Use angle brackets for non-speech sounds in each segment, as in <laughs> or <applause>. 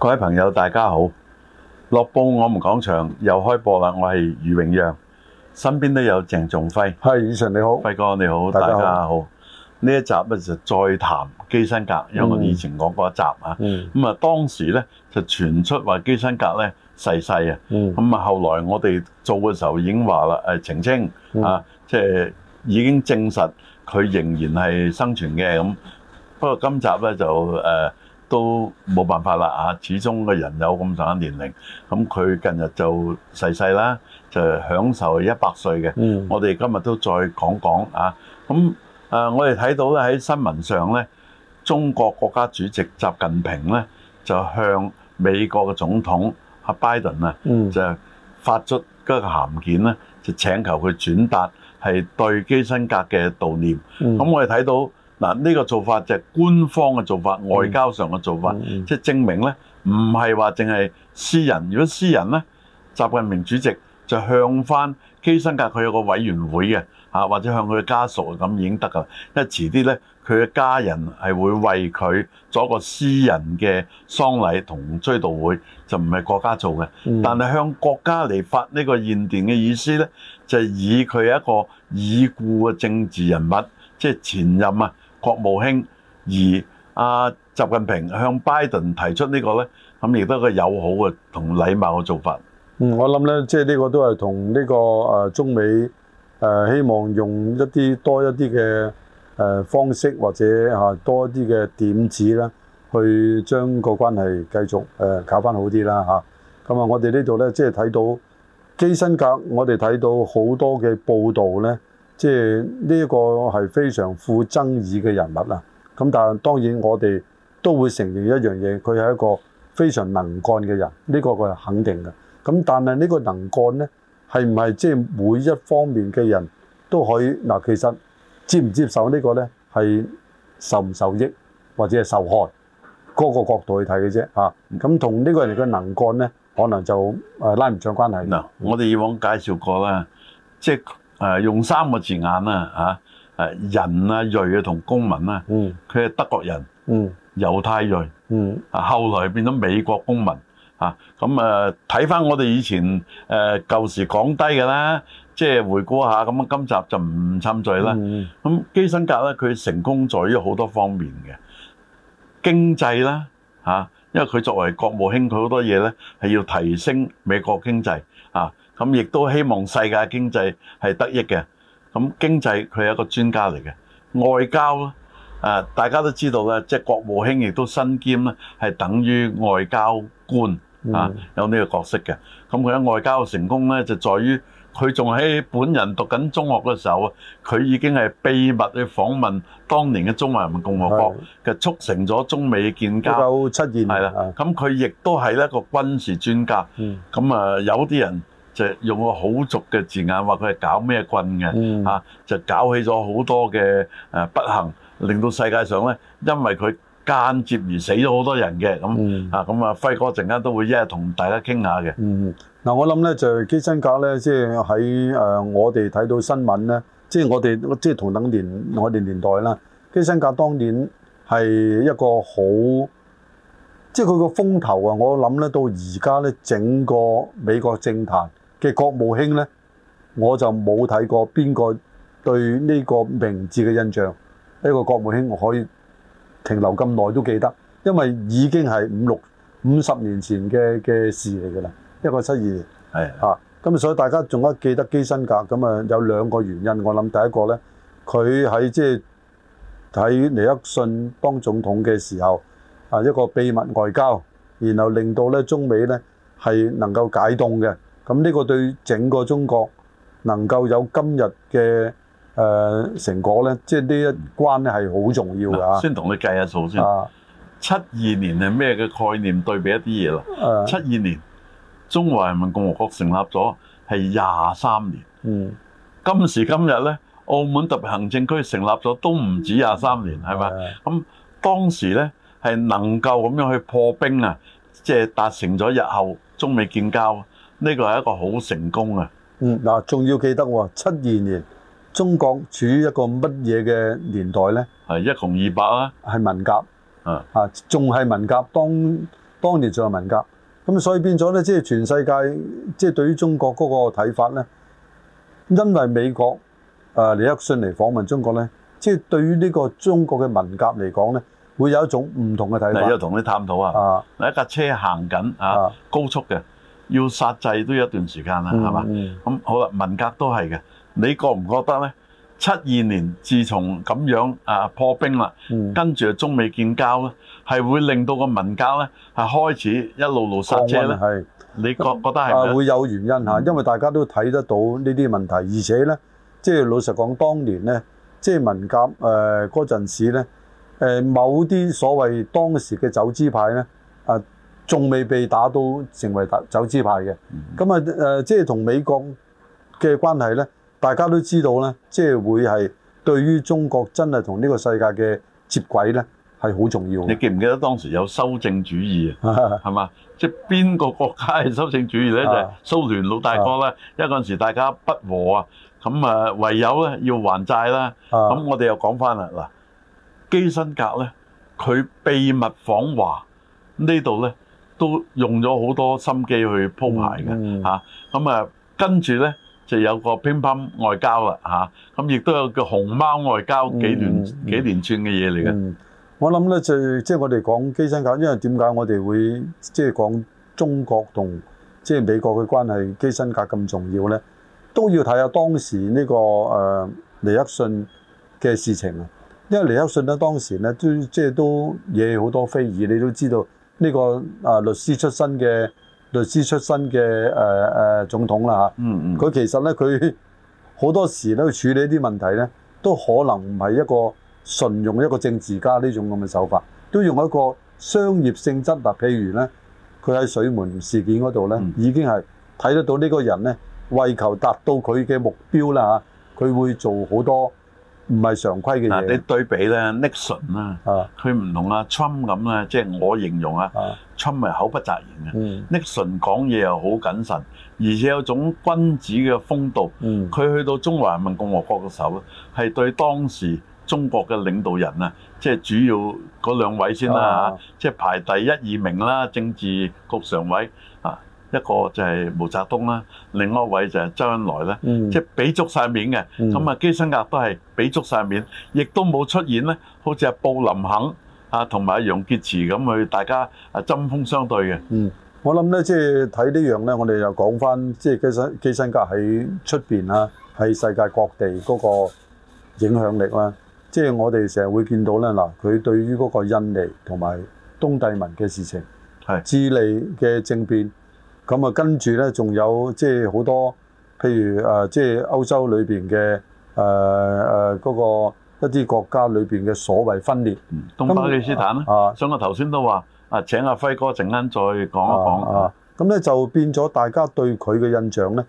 各位朋友，大家好！《樂報我們講場又開播啦，我係余榮讓，身邊都有鄭仲輝。係，以晨你好，輝哥你好，大家好。呢一集咧就再談基辛格。嗯，因為我哋以前講過一集啊。咁、嗯、啊，當時咧就傳出話基辛格咧逝世啊。咁啊，嗯、後來我哋做嘅時候已經話啦，誒澄清，嗯、啊，即、就、係、是、已經證實佢仍然係生存嘅。咁不過今集咧就誒。呃都冇辦法啦啊！始終個人有咁大嘅年齡，咁佢近日就逝世啦，就享受一百歲嘅。嗯、我哋今日都再講講啊！咁誒，我哋睇到咧喺新聞上咧，中國國家主席習近平咧就向美國嘅總統阿拜登啊，就發出嗰個函件咧，就請求佢轉達係對基辛格嘅悼念。咁我哋睇到。嗱，呢個做法就係官方嘅做法，嗯，外交上嘅做法，嗯、即係證明咧，唔係話淨係私人。如果私人咧，習近平主席就向翻基辛格佢有個委員會嘅，啊，或者向佢嘅家屬咁已經得噶啦。因遲啲咧，佢嘅家人係會為佢做一個私人嘅喪禮同追悼會，就唔係國家做嘅，嗯。但係向國家嚟發呢個唁電嘅意思咧，就係、是、以佢一個已故嘅政治人物，即係前任啊。國務卿，而阿習近平向拜登提出呢、這個咧，咁亦都係一個友好嘅同禮貌嘅做法。嗯，我諗咧，即係呢個都係同呢個誒、啊、中美誒、啊、希望用一啲多一啲嘅誒方式或者嚇、啊、多一啲嘅點子啦，去將個關係繼續誒搞翻好啲啦嚇。咁啊，啊我哋呢度咧，即係睇到基辛格我們看，我哋睇到好多嘅報道咧。即係呢個係非常富爭議嘅人物啦。咁但係當然我哋都會承認一樣嘢，佢係一個非常能幹嘅人。呢、這個佢係肯定嘅。咁但係呢個能幹呢，係唔係即係每一方面嘅人都可以嗱？其實接唔接受呢個呢，係受唔受益或者係受害嗰個角度去睇嘅啫。嚇咁同呢個人嘅能幹呢，可能就誒、啊、拉唔上關係。嗱，我哋以往介紹過啦，即誒、啊、用三個字眼啊，啊人啊裔啊同公民、啊、嗯，佢係德國人、嗯，猶太裔，嗯、啊後來變咗美國公民。嚇咁啊睇翻、啊啊、我哋以前誒、啊啊、舊時講低㗎啦，即係回顧一下咁，啊今集就唔參罪啦。咁、嗯、基辛格咧，佢成功在於好多方面嘅經濟啦嚇、啊，因為佢作為國務卿，佢好多嘢咧係要提升美國經濟啊。咁亦都希望世界經濟係得益嘅。咁經濟佢係一個專家嚟嘅，外交啊，大家都知道啦，即係國務卿亦都身兼咧係等於外交官啊，有呢個角色嘅。咁佢喺外交嘅成功咧，就在於佢仲喺本人讀緊中學嘅時候，佢已經係秘密去訪問當年嘅中華人民共和國，嘅促成咗中美建交。夠出現係啦。咁佢亦都係一個軍事專家。咁啊，有啲人。用個好俗嘅字眼話佢係搞咩棍嘅嚇、嗯啊，就搞起咗好多嘅誒不幸，令到世界上咧因為佢間接而死咗好多人嘅，咁啊咁、嗯、啊輝哥一陣間都會一係同大家傾下嘅。嗱、嗯、我諗咧就係、基辛格咧，即係喺誒我哋睇到新聞咧，即、就、係、是、我哋即係同等年我哋年代啦，基辛格當年係一個好即係佢個風頭啊！我諗咧到而家咧整個美國政壇。嘅國務卿咧，我就冇睇過邊個對呢個名字嘅印象。呢個國務卿我可以停留咁耐都記得，因為已經係五六五十年前嘅嘅事嚟㗎啦，一個七二年。係啊，咁啊，所以大家仲一記得基辛格咁啊，有兩個原因。我諗第一個咧，佢喺即係喺尼克遜當總統嘅時候啊，一個秘密外交，然後令到咧中美咧係能夠解凍嘅。咁呢個對整個中國能夠有今日嘅誒成果呢，即係呢一關呢係好重要㗎。先同你計下數先，七二年係咩嘅概念？對比一啲嘢咯。七二年中華人民共和國成立咗係廿三年。嗯，今時今日呢，澳門特別行政區成立咗都唔止廿三年，係咪？咁當時呢係能夠咁樣去破冰啊，即係達成咗日後中美建交。呢個係一個好成功啊！嗯，嗱，仲要記得喎，七二年中國處於一個乜嘢嘅年代咧？係一窮二白啊，係文革，啊、嗯、啊，仲係文革，當當年仲係文革，咁所以變咗咧，即係全世界，即係對於中國嗰個睇法咧，因為美國誒尼克遜嚟訪問中國咧，即係對於呢個中國嘅文革嚟講咧，會有一種唔同嘅睇法。嚟咗同你探討啊，啊！啊，一架車行緊啊，高速嘅。要殺制都有一段時間啦，係、嗯、嘛？咁好啦，文革都係嘅。你覺唔覺得咧？七二年自從咁樣啊破冰啦、嗯，跟住啊中美建交咧，係會令到個文革咧係開始一路路煞車咧。你覺覺得係咪？會有原因嚇、啊，因為大家都睇得到呢啲問題，嗯、而且咧即係老實講，當年咧即係文革誒嗰陣時咧誒、呃、某啲所謂當時嘅走資派咧。仲未被打倒成為走資派嘅。咁啊誒，即係同美國嘅關係咧，大家都知道咧，即係會係對於中國真係同呢個世界嘅接軌咧，係好重要。你記唔記得當時有修正主義啊？係 <laughs> 嘛？即係邊個國家係修正主義咧？就係、是、蘇聯老大哥啦。 <laughs> 因為嗰陣時大家不和啊，咁啊唯有咧要還債啦。咁我哋又講返啦嗱，基辛格咧，佢秘密訪華呢度咧。都用咗好多心機去鋪排嘅嚇，咁、嗯、啊、嗯、跟住咧就有個乒乓外交啦嚇，咁亦都有個熊貓外交幾年、嗯、幾連串嘅嘢嚟嘅。我諗咧就即係、就是、我哋講基辛格，因為點解我哋會即係、就是、講中國同即係美國嘅關係基辛格咁重要咧？都要睇下當時呢、這個誒尼克遜嘅事情啊，因為尼克遜咧當時咧都即係、就是、都惹好多非議，你都知道。呢、這個啊律師出身嘅律師出身嘅誒誒總統啦嚇，佢、啊嗯嗯、其實咧佢好多時咧處理一啲問題咧，都可能唔係一個純用一個政治家呢種咁嘅手法，都用一個商業性質。嗱、啊，譬如咧，佢喺水門事件嗰度咧，已經係睇得到呢個人咧，為求達到佢嘅目標啦嚇，佢、啊、會做好多。唔係常規嘅嘢。嗱，你對比咧，尼克松佢唔同阿蔣咁呢，即係、啊啊就是、我形容啊，蔣、啊、係口不擇言嘅，尼克松講嘢又好謹慎，而且有種君子嘅風度。佢、嗯、去到中華人民共和國嘅時候咧，係對當時中國嘅領導人啊，即、就、係、是、主要嗰兩位先啦嚇，即係排第一二名啦，政治局常委啊。一個就係毛澤東啦，另外一位就係周恩來咧，即係俾足晒面嘅。咁啊，基辛格都係俾足晒面，亦都冇出現咧，好似啊布林肯啊同埋啊楊潔篪咁去大家啊針鋒相對嘅。嗯，我諗咧，即係睇呢樣咧，我哋又講翻即係基辛基辛格喺出邊啊，喺世界各地嗰個影響力啦。即係我哋成日會見到咧嗱，佢對於嗰個印尼同埋東帝汶嘅事情，係智利嘅政變。咁啊，跟住咧，仲有即係好多，譬如即係、啊就是、歐洲裏面嘅誒嗰個一啲國家裏面嘅所謂分裂，東巴基斯坦呢，啊，所以我頭先都話啊，請阿、啊、輝哥陣間再講一講啊。咁、啊、咧就變咗大家對佢嘅印象咧，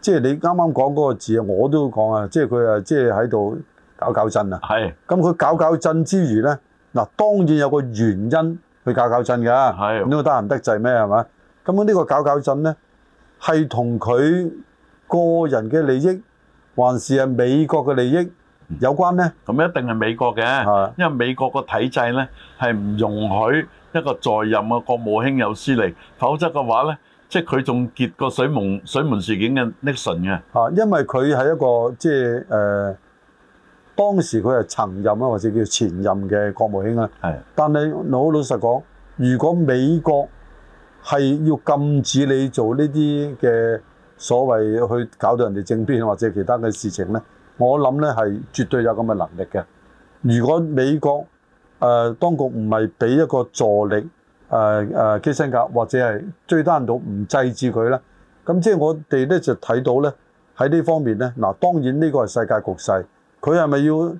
即、就、係、是、你啱啱講嗰個字啊，我都講啊，即係佢啊，即係喺度搞搞震啊。係。咁佢搞搞震之餘咧，嗱當然有個原因去搞搞震㗎。係。咁呢個得閒得滯咩？係嘛？咁樣呢個搞搞震咧，係同佢個人嘅利益，還是啊美國嘅利益有關咧？咁一定係美國嘅，因為美國個體制咧係唔容許一個在任嘅國務卿有私利，否則嘅話咧，即係佢仲結過水門水門事件嘅尼克遜嘅。啊，因為佢係一個即係誒，當時佢係曾任啊，或者叫前任嘅國務卿啊。係，但係老老實講，如果美國係要禁止你做呢啲嘅所謂去搞到人哋政變或者其他嘅事情咧，我諗咧係絕對有咁嘅能力嘅。如果美國誒、呃、當局唔係俾一個助力誒誒基辛格或者係最低限度唔制止佢咧，咁即係我哋咧就睇到咧喺呢方面咧，嗱當然呢個係世界局勢，佢係咪要誒、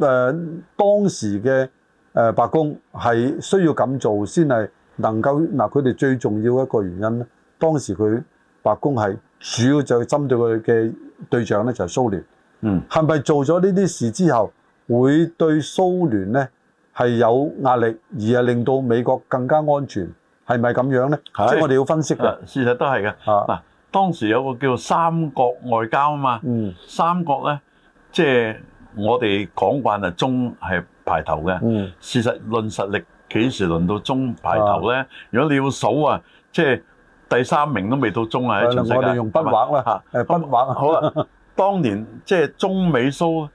呃、當時嘅誒白宮係需要咁做先係？能夠嗱，佢哋最重要嘅一個原因咧，當時佢白宮係主要就係針對佢嘅對象咧，就係蘇聯。嗯，係咪做咗呢啲事之後，會對蘇聯咧係有壓力，而係令到美國更加安全？係咪咁樣咧？即係、就是、我哋要分析嘅事實都係嘅。嗱，當時有個叫三國外交啊嘛。嗯。三國咧，即、就、係、是、我哋講慣啊，中係排頭嘅。嗯。事實論實力。幾時輪到中排頭咧？如果你要數啊，即係第三名都未到中啊！喺全世界，我哋用筆畫啦嚇。誒，筆畫好啦。當年即係中美蘇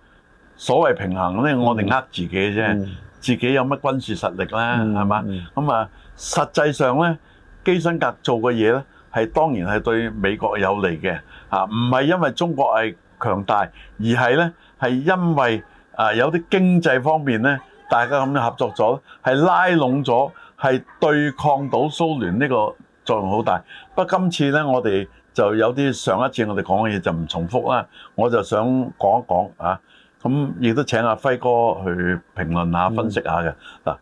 所謂平衡咧，我哋呃自己啫。自己有乜軍事實力咧？係嘛？咁啊，實際上咧，基辛格做嘅嘢咧，係當然係對美國有利嘅。嚇，唔係因為中國係強大，而係咧係因為啊有啲經濟方面咧。大家咁樣合作咗，係拉攏咗，係對抗到蘇聯呢個作用好大。不過今次呢，我哋就有啲上一次我哋講嘅嘢就唔重複啦。我就想講一講啊，咁亦都請阿輝哥去評論下、分析下嘅嗱、嗯。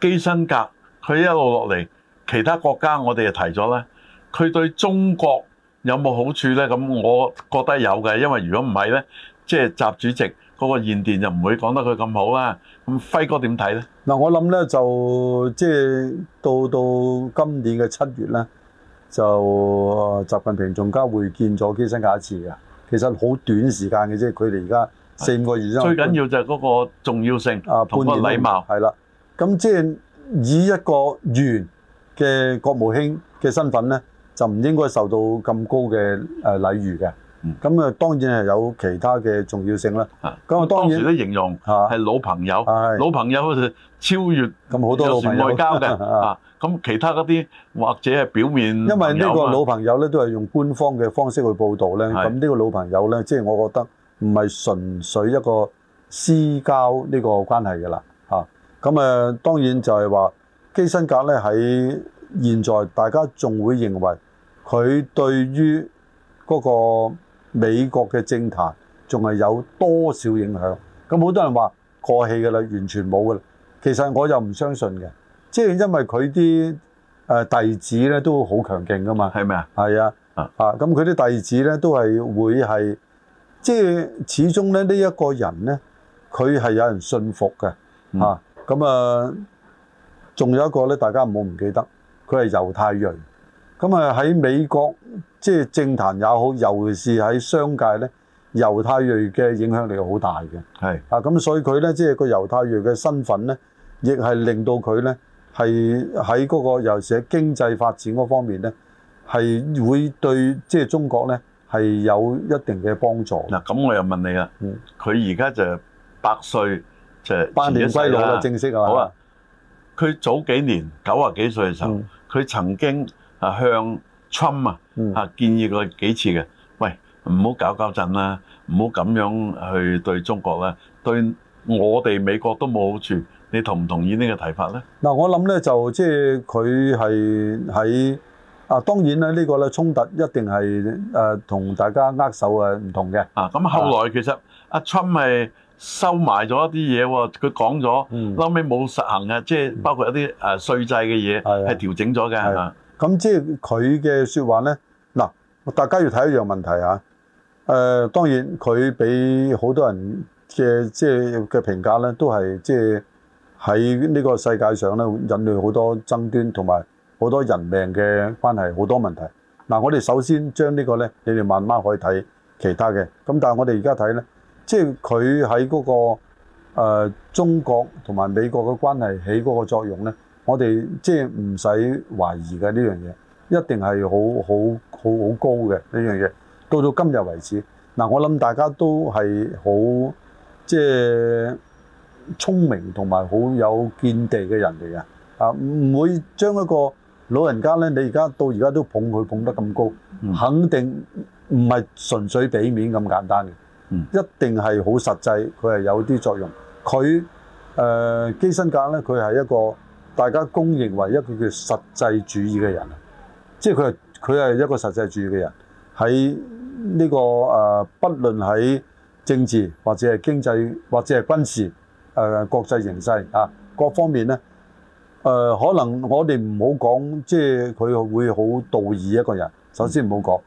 基辛格佢一路落嚟，其他國家我哋就提咗呢，佢對中國有冇好處呢？咁我覺得有嘅，因為如果唔係呢，即係習主席嗰個現電就唔會講得佢咁好啦。咁輝哥點睇咧？嗱、嗯，我諗咧就即係到到今年嘅七月咧，就習近平仲加會見咗基辛格一次嘅。其實好短時間嘅啫，佢哋而家四五個月。最緊要就係嗰個重要性同、啊、個禮貌。係啦，咁即係以一個元嘅國務卿嘅身份咧，就唔應該受到咁高嘅、呃、禮遇嘅。咁、嗯、啊，當然係有其他嘅重要性啦。咁啊，當時形容係老朋友，老朋友好似超越咁好多老朋友嘅。咁 <laughs> 其他嗰啲或者係表面。因為呢個老朋友咧，都係用官方嘅方式去報導咧。咁呢個老朋友咧，即係、就是、我覺得唔係純粹一個私交呢個關係㗎啦。咁啊，當然就係話基辛格咧喺現在，大家仲會認為佢對於嗰、那個美國嘅政壇仲係有多少影響？咁好多人話過氣㗎啦，完全冇㗎啦。其實我又唔相信嘅，即係因為佢啲誒弟子咧都好強勁㗎嘛。係咪啊？係啊。啊咁佢啲弟子咧都係會係，即係始終咧呢一、這個人咧，佢係有人信服嘅。啊咁、嗯、啊，仲有一個咧，大家唔好唔記得，佢係猶太裔。咁啊喺美國。即係政壇也好，尤其是喺商界咧，猶太裔嘅影響力好大嘅。係啊，咁所以佢咧，即係個猶太裔嘅身份咧，亦係令到佢咧係喺嗰個，尤其是喺經濟發展嗰方面咧，係會對即係中國咧係有一定嘅幫助的。嗱、啊，咁我又問你啦，佢而家就百歲就前一歲老啦、啊，正式係嘛？好啊，佢早幾年九啊幾歲嘅時候，佢、嗯、曾經啊向春啊，啊，建議過幾次嘅。喂，唔好搞搞震啦，唔好咁樣去對中國啦，對我哋美國都冇好處。你同唔同意這個呢個睇法咧？嗱、嗯，我諗咧就即係佢係喺啊，當然咧、這個、呢個咧衝突一定係誒、啊、同大家握手誒唔同嘅啊。咁後來其實阿春咪收埋咗一啲嘢喎，佢講咗，嗯、後尾冇實行嘅，即係包括一啲誒稅制嘅嘢係調整咗嘅，係嘛？咁即係佢嘅說話呢，嗱，大家要睇一樣問題啊。誒、呃，當然佢俾好多人嘅即係嘅評價呢，都係即係喺呢個世界上呢，引領好多爭端同埋好多人命嘅關係好多問題。嗱、呃，我哋首先將呢個呢，你哋慢慢可以睇其他嘅。咁但係我哋而家睇呢，即係佢喺嗰個、呃、中國同埋美國嘅關係起嗰個作用呢。我哋即係唔使懷疑嘅呢樣嘢，一定係好好好好高嘅呢樣嘢。到到今日為止，嗱、呃，我諗大家都係好即係聰明同埋好有見地嘅人嚟嘅。啊，唔會將一個老人家咧，你而家到而家都捧佢捧得咁高、嗯，肯定唔係純粹俾面咁簡單嘅。一定係好實際，佢係有啲作用。佢誒基辛格咧，佢係一個，大家公認為一個叫實際主義嘅人，即係佢係佢係一個實際主義嘅人，喺呢個誒，不論喺政治或者係經濟或者係軍事誒國際形勢啊各方面咧、呃，可能我哋唔好講，即係佢會好道義一個人。首先唔好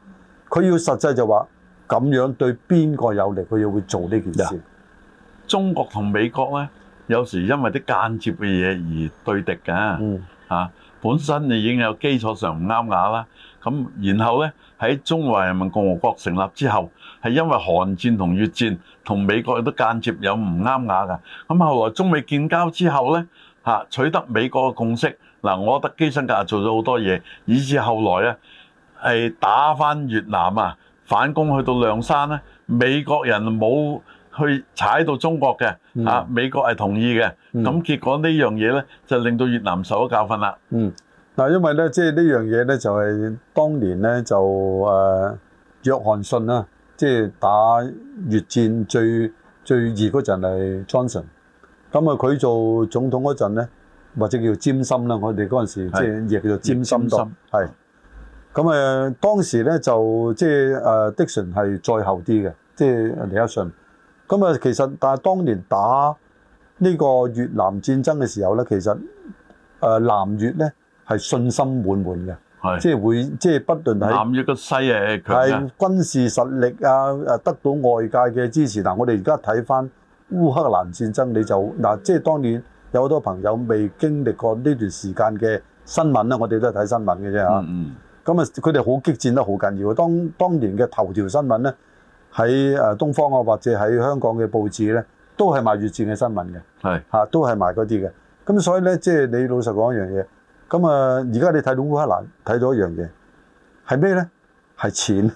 講，佢、嗯、要實際就話咁樣對邊個有利，佢要會做呢件事。中國同美國咧。有時因為啲間接嘅嘢而對敵嘅，嚇、嗯啊、本身你已經有基礎上唔啱牙啦。咁然後呢，喺中華人民共和國成立之後，係因為韓戰同越戰同美國有啲間接有唔啱牙嘅。咁、啊、後來中美建交之後呢，嚇、啊、取得美國嘅共識。嗱、啊，我覺得基辛格做咗好多嘢，以至後來咧係打返越南啊，反攻去到諒山呢，美國人冇。去踩到中國嘅嚇、嗯啊，美國係同意嘅。咁、嗯、結果這呢樣嘢咧，就令到越南受咗教訓啦。嗯，嗱，因為咧，即係呢樣嘢咧，就係、是就是、當年咧就誒、呃、約翰遜啦，即、就、係、是、打越戰最最熱嗰陣係 Johnson。咁啊，佢做總統嗰陣咧，或者叫做尖心啦，我哋嗰陣時即係亦叫做尖心黨。係咁啊，當時咧就即係誒 Dixon 係再後啲嘅，即係尼克遜。咁啊，其實但係當年打呢個越南戰爭嘅時候咧，其實誒、呃、南越咧係信心滿滿嘅，係即係會即係不斷喺南越嘅勢誒強，係軍事實力啊誒得到外界嘅支持。嗱、啊，我哋而家睇返烏克蘭戰爭，你就嗱、啊、即係當年有好多朋友未經歷過呢段時間嘅新聞咧，我哋都係睇新聞嘅啫嚇。嗯咁、嗯、啊，佢哋好激戰得好緊要。當當年嘅頭條新聞咧。喺誒東方啊，或者喺香港嘅報紙咧，都係賣越戰嘅新聞嘅，係嚇、啊、都係賣嗰啲嘅。咁所以咧，即係你老實講一樣嘢。咁啊，而家你睇到烏克蘭，睇到一樣嘢係咩咧？係錢，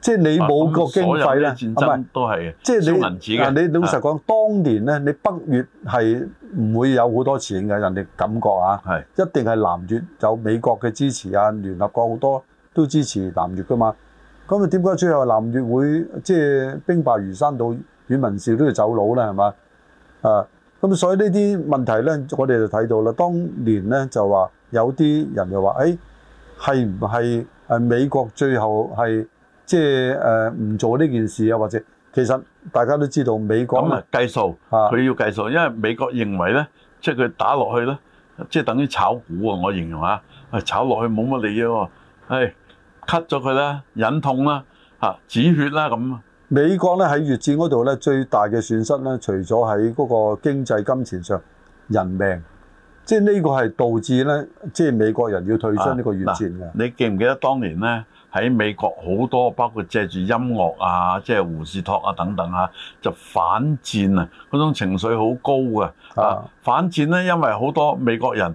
即係你冇個經費咧，唔係都係即係你。啊，你老實講，當年咧，你北越係唔會有好多錢嘅，人哋感覺啊，係一定係南越有美國嘅支持啊，聯合國好多都支持南越㗎嘛。咁啊？點解最後南越會即係兵敗如山倒，阮文紹都要走佬呢？係嘛？啊！咁所以呢啲問題咧，我哋就睇到啦。當年咧就話有啲人就話，誒係唔係美國最後係即係唔做呢件事啊？或者其實大家都知道美國咁啊計數，佢要計數，因為美國認為咧，即係佢打落去咧，即係等於炒股啊！我形容下，炒落去冇乜利益喎，哎 cut 咗佢啦，忍痛啦，吓，止血啦咁。美國咧喺越戰嗰度咧，最大嘅損失咧，除咗喺嗰個經濟金錢上，人命，即呢個係導致咧，即美國人要退出呢個越戰嘅。啊，你記唔記得當年咧喺美國好多包括借住音樂啊，即係胡士托啊等等啊，就反戰啊，嗰種情緒好高嘅。啊，反戰咧，因為好多美國人。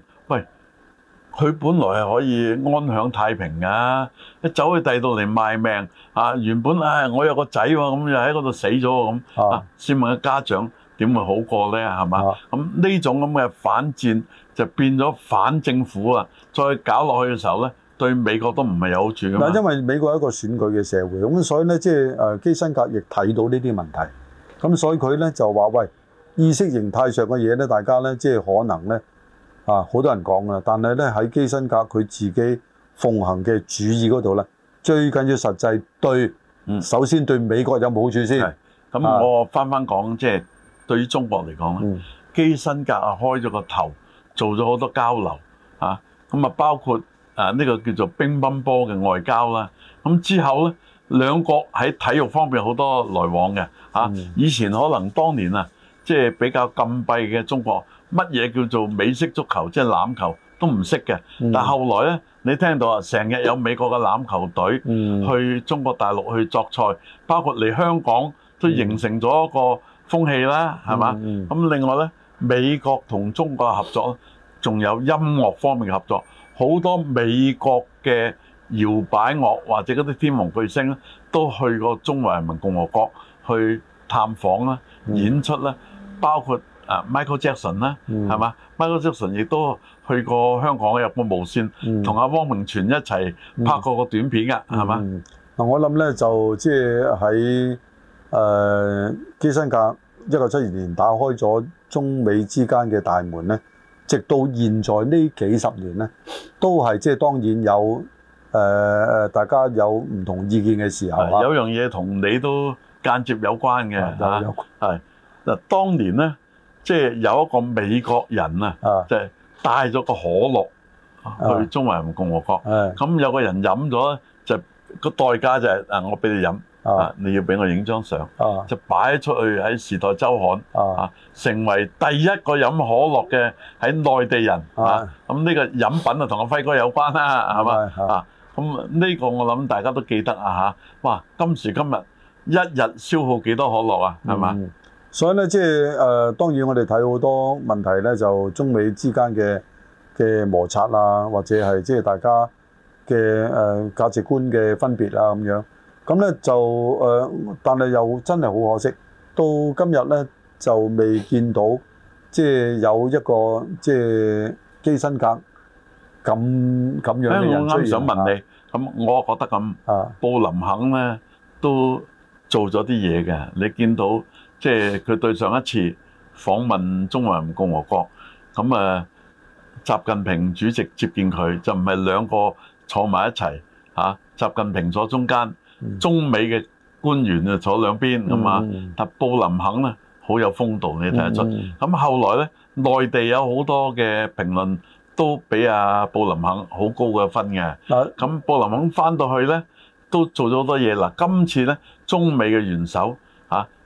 佢本來係可以安享太平噶，一走去第二度嚟賣命啊！原本啊、哎，我有個仔喎，咁又喺嗰度死咗喎，咁先問家長點會好過咧？係嘛？咁、啊、呢、嗯、種咁嘅反戰就變咗反政府啊！再搞落去嘅時候咧，對美國都唔係有好處的。嗱，因為美國係一個選舉嘅社會，咁所以咧，即係誒基辛格亦睇到呢啲問題，咁所以佢咧就話：喂，意識形態上嘅嘢咧，大家咧即係可能咧。啊，好多人講啦，但係咧喺基辛格佢自己奉行嘅主義嗰度咧，最緊要實際對、嗯，首先對美國有冇好處先？咁我翻翻講，即、啊、係、就是、對於中國嚟講咧、嗯，基辛格啊開咗個頭，做咗好多交流啊，咁啊包括啊呢、呢個叫做乒乓波嘅外交啦，咁、啊、之後咧兩國喺體育方面好多來往嘅啊、嗯，以前可能當年啊。即、就、係、是、比較禁閉嘅中國，乜嘢叫做美式足球，即係欖球都唔識嘅。但後後來咧，你聽到啊，成日有美國嘅欖球隊去中國大陸去作賽，嗯、包括嚟香港都形成咗一個風氣啦，係、嗯、嘛？咁、嗯嗯、另外咧，美國同中國嘅合作，仲有音樂方面嘅合作，好多美國嘅搖擺樂或者嗰啲天王巨星都去過中華人民共和國去探訪啦、演出啦。嗯包括、啊、Michael Jackson 啦、嗯，係嘛？Michael Jackson 亦都去過香港，日本無線同、嗯、阿汪明荃一齊拍過個短片嘅，係、嗯、嘛？嗱、嗯，我諗咧就即係喺、呃、基辛格一九七二年打開咗中美之間嘅大門咧，直到現在呢幾十年咧，都係即係當然有、呃、大家有唔同意見嘅時候有樣嘢同你都間接有關嘅。嗱，當年咧，即係有一個美國人啊，啊就係帶咗個可樂去中華人民共和國。咁、啊、有個人飲咗，就個代價就係、係、啊，我俾你飲啊，你要俾我影張相啊，就擺出去喺《時代周刊》啊啊，成為第一個飲可樂嘅喺內地人啊。咁、啊、呢個飲品啊，同阿輝哥有關啦，係嘛啊？咁呢、啊啊、個我諗大家都記得啊嚇。哇！今時今日一日消耗幾多可樂啊？係嘛？嗯所以咧、就是，即係誒，當然我哋睇好多問題咧，就中美之間嘅嘅摩擦啊，或者係即係大家嘅誒、呃、價值觀嘅分別啦、啊、咁樣。咁咧就誒、呃，但係又真係好可惜，到今日咧就未見到即係、就是、有一個即係、就是、基辛格咁咁樣嘅人出現。我啱啱想問你咁、啊、我覺得咁，布林肯咧都做咗啲嘢嘅，你見到。即係佢對上一次訪問中華人民共和國，咁啊，習近平主席接見佢就唔係兩個坐埋一齊嚇、啊，習近平坐中間，嗯、中美嘅官員啊坐兩邊咁啊、嗯，但布林肯咧好有風度，你睇得出。咁、嗯、後來咧，內地有好多嘅評論都俾阿、啊、布林肯好高嘅分嘅。咁、嗯、布林肯翻到去咧都做咗好多嘢喇。今次咧中美嘅元首。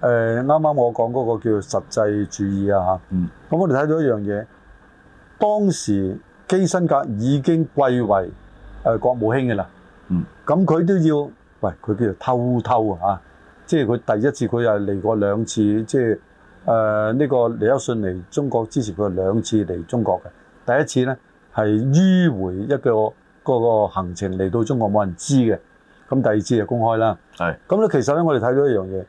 誒，啱啱我講嗰個叫實際主義啊，咁、嗯、我哋睇到一樣嘢，當時基辛格已經貴為誒、呃、國務卿嘅啦，咁、嗯、佢都要喂，佢叫做偷偷啊，即係佢第一次佢又嚟過兩次，即係誒呢個尼克遜嚟中國之前佢兩次嚟中國嘅。第一次咧係迂迴一個一個一個行程嚟到中國冇人知嘅，咁第二次就公開啦，咁咧其實咧我哋睇到一樣嘢。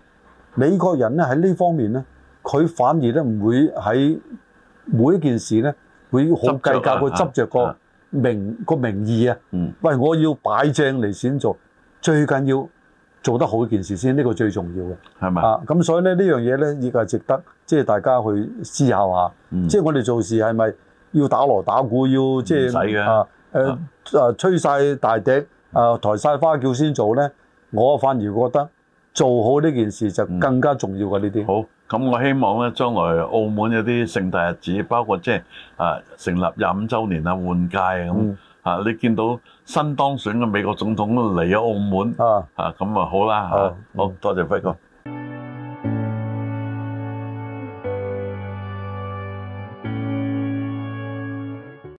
美國人咧喺呢方面咧，佢反而咧唔會喺每一件事咧會好計較個執着個、啊、名個、啊、名，名義啊。嗯，喂，我要擺正嚟先做，最緊要做得好一件事先，呢、這個最重要嘅。係嘛？啊，咁所以咧呢樣嘢咧亦係值得即係、就是、大家去思考下。嗯、即係我哋做事係咪要打鑼打鼓，要即係啊誒啊、呃、吹晒大笛啊抬晒花轎先做咧？我反而覺得。做好呢件事就更加重要㗎，呢啲。好，咁我希望咧，將來澳門有啲盛大日子，包括即係啊成立廿五周年啊換屆咁、啊嗯啊、你見到新當選嘅美國總統嚟咗澳門啊，咁啊好啦、啊啊、好、嗯、多謝輝哥。